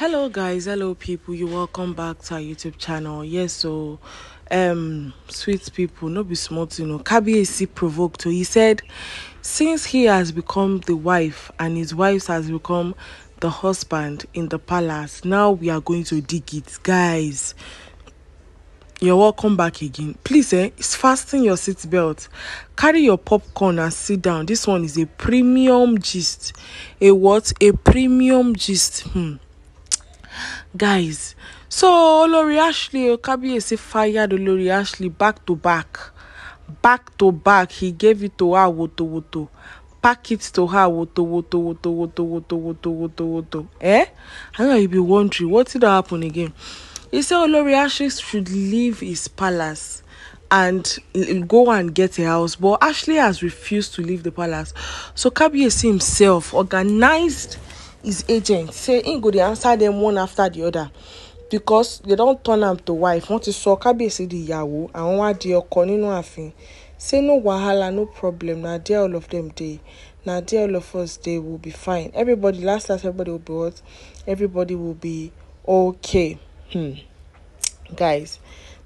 hello guys hello people you welcome back to our youtube channel yes so um sweet people no be smart, you know Kabi ac provoked he said since he has become the wife and his wife has become the husband in the palace now we are going to dig it guys you're welcome back again please eh, fasten your seatbelt carry your popcorn and sit down this one is a premium gist a what a premium gist hmm guys. So Olori Ashley Okabiesi oh, fired Olori Ashley back to back. Back to back. He gave it to her woto woto. Pack it to her woto woto woto woto woto woto woto woto. Eh? I know you be wondering what did happen again. He said Olori Ashley should leave his palace and go and get a house. But Ashley has refused to leave the palace. So Kabiesi himself organized his agent say im go dey answer dem one after di oda because dem don turn am to wife wọn ti sọ kábíyèsí di ìyàwó àwọn wá di ọkọ nínú ààfin say no wahala no problem na there all of them dey na there all of us dey will be fine everybody last last everybody will be what everybody will be okay hmm. guys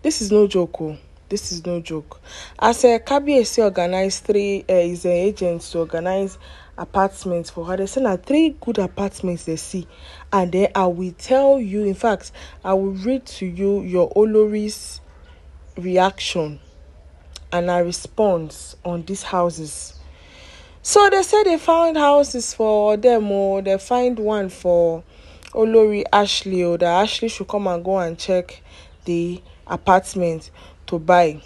this is no joke o. Oh. This is no joke. As uh, Kabiyesi organize three, uh, eh, his uh, agents to organize apartments for her. They said now three good apartments they see, and then I will tell you. In fact, I will read to you your Olori's reaction and her response on these houses. So they said they found houses for them, or oh. they find one for Olori Ashley, or oh, that Ashley should come and go and check the apartment to buy.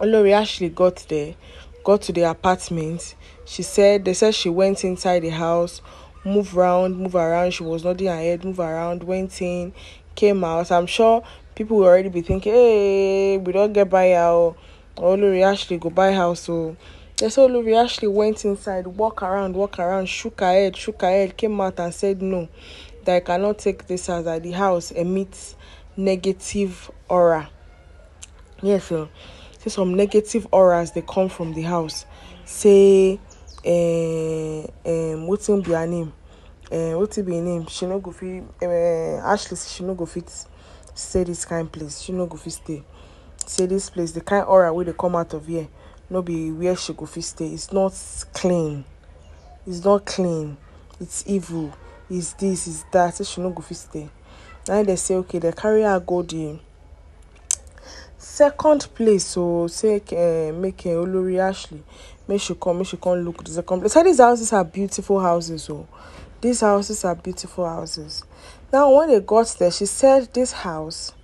Olori Ashley got there got to the apartment, she said they said she went inside the house, move around, move around, she was nodding her head, move around, went in, came out. I'm sure people will already be thinking, Hey, we don't get by our oh, Olori Ashley go buy house so oh. they said Olori Ashley went inside, walk around, walk around, shook her head, shook her head, came out and said no, that I cannot take this as that the house emits negative aura. Yes, yeah, so say some negative auras dey come from the house say um, um, wetin be her name um, wetin be her name she no go fit um, ashley she no go fit stay this kind place she no go fit stay say this place the kind aura wey dey come out of here no be where she go fit stay it's not clean it's not clean it's evil it's this it's that say she no go fit stay na dem say okay dem carry her go the second place o say um make um olori ashley make she come make she come look the second place. So these houses are beautiful houses o oh. these houses are beautiful houses. Now when they got there she said this house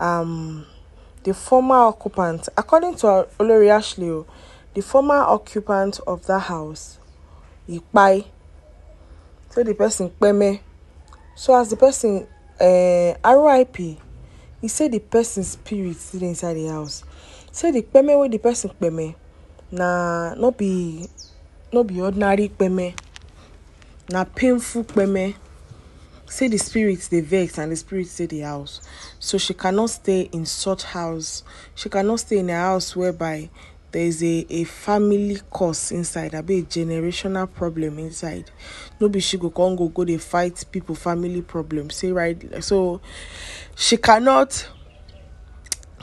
um the former occupant according to olori ashley o oh, the former occupant of that house ipai so the person peme so as the person uh, eh, RIP He say the person spirit still dey inside the house say the kpeme wey the person kpeme na no be no be ordinary kpeme na painful kpeme say the spirit dey vex and the spirit dey the house so she cannot stay in such house she cannot stay in a house whereby there is a, a family curse inside, A bit generational problem inside. Nobody she go con go go they fight people family problems. Say right so she cannot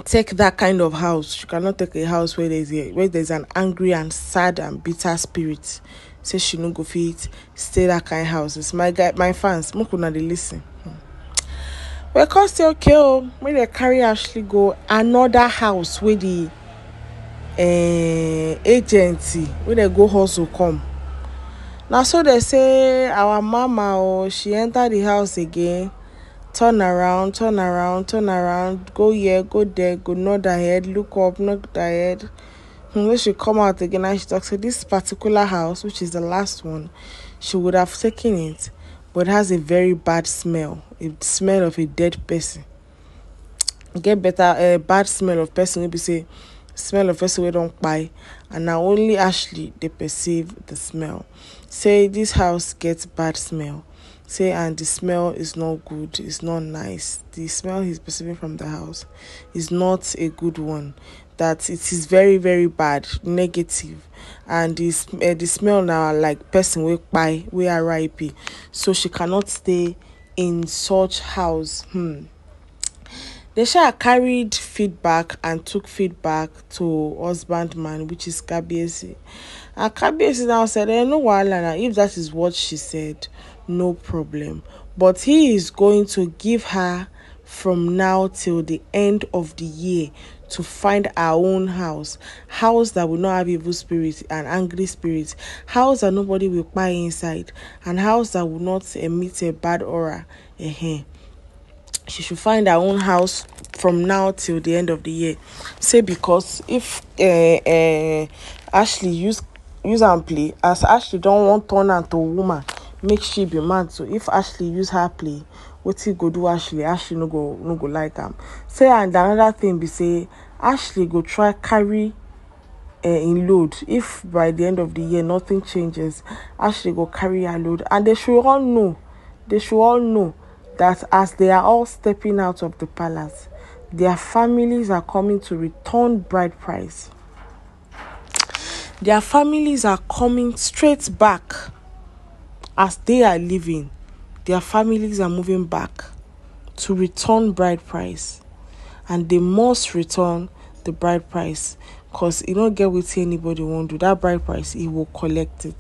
take that kind of house. She cannot take a house where there's a where there's an angry and sad and bitter spirit. Say she no go fit stay that kind of house. It's my guy my fans, make una listen. Hmm. Well, cause say okay, oh, when they carry Ashley go another house where the uh, agency When they go hustle come Now, so they say our mama oh she enter the house again turn around turn around turn around go here go there go nod ahead. head look up nod her head hmm, when she come out again and she talk to this particular house which is the last one she would have taken it but it has a very bad smell a smell of a dead person get better uh, bad smell of person wey be say smell of person don't buy, and now only ashley they perceive the smell say this house gets bad smell say and the smell is not good it's not nice the smell he's perceiving from the house is not a good one that it is very very bad negative and this uh, eh, the smell now like person we buy we are ripe, so she cannot stay in such house hmm they um, carried feedback and took feedback to husbandman, which is Kabiesi. And Kabiesi now said, hey, eh, no wahala, if that is what she said, no problem. But he is going to give her from now till the end of the year to find our own house house that will not have evil spirits and angry spirits house that nobody will buy inside and house that will not emit a bad aura uh-huh she should find her own house from now till the end of the year say because if uh, uh, ashley use use and play as ashley don't want turn into to woman make she be man so if ashley use her play he go do ashley ashley no go no go like him. say and another thing be say ashley go try carry uh, in load if by the end of the year nothing changes ashley go carry her load and they should all know they should all know that as they are all stepping out of the palace, their families are coming to return bride price. Their families are coming straight back as they are leaving. Their families are moving back to return bride price and they must return the bride price because don't get with anybody won't do that bride price he will collect it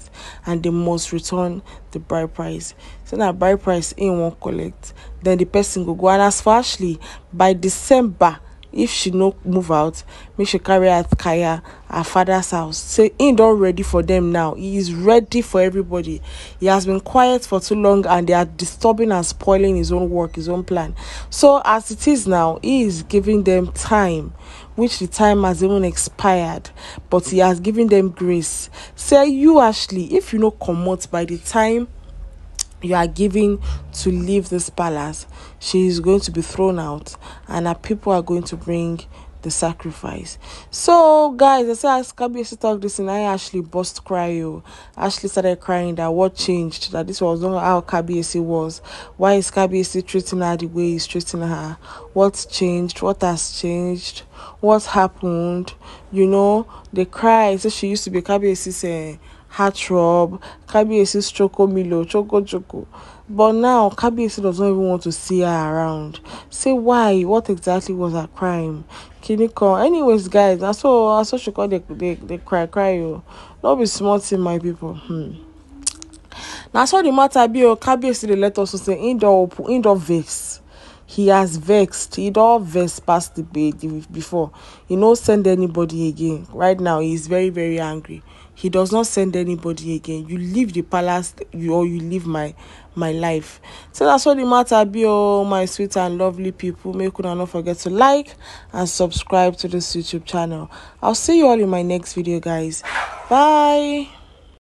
and they must return the bride price so now bride price he won't collect then the person go go and as for ashley by december if she no move out make she carry her kaya her father's house say don't ready for them now he is ready for everybody he has been quiet for too long and they are disturbing and spoiling his own work his own plan so as it is now he is giving them time which the time has even expired, but he has given them grace. Say you Ashley, if you come out by the time you are giving to leave this palace, she is going to be thrown out, and her people are going to bring the sacrifice. So, guys, I say I can be talk this and I actually burst cry. You oh. actually started crying that what changed that this was not how KBC was. Why is KBC treating her the way he's treating her? What's changed? What has changed? what happened you know they cry say she used to be kabiesi's uh, heart rub kabiesi's choco milo choco choco but now kabiesi doesn't even want to see her around say why what exactly was her crime clinical anyways guys that's so that's what she called they, they, they cry cry you oh. not be smart in my people hmm. na so the matter be o oh, kabiyesi dey let us know say im don open im don vex he has vexed he don vex past the babe before he no send anybody again right now he is very very angry he does not send anybody again you leave the palace you, or you leave my my life so that's all the matter be all oh, my sweet and lovely people make una not forget to like and subscribe to this youtube channel i'll see you all in my next video guys bye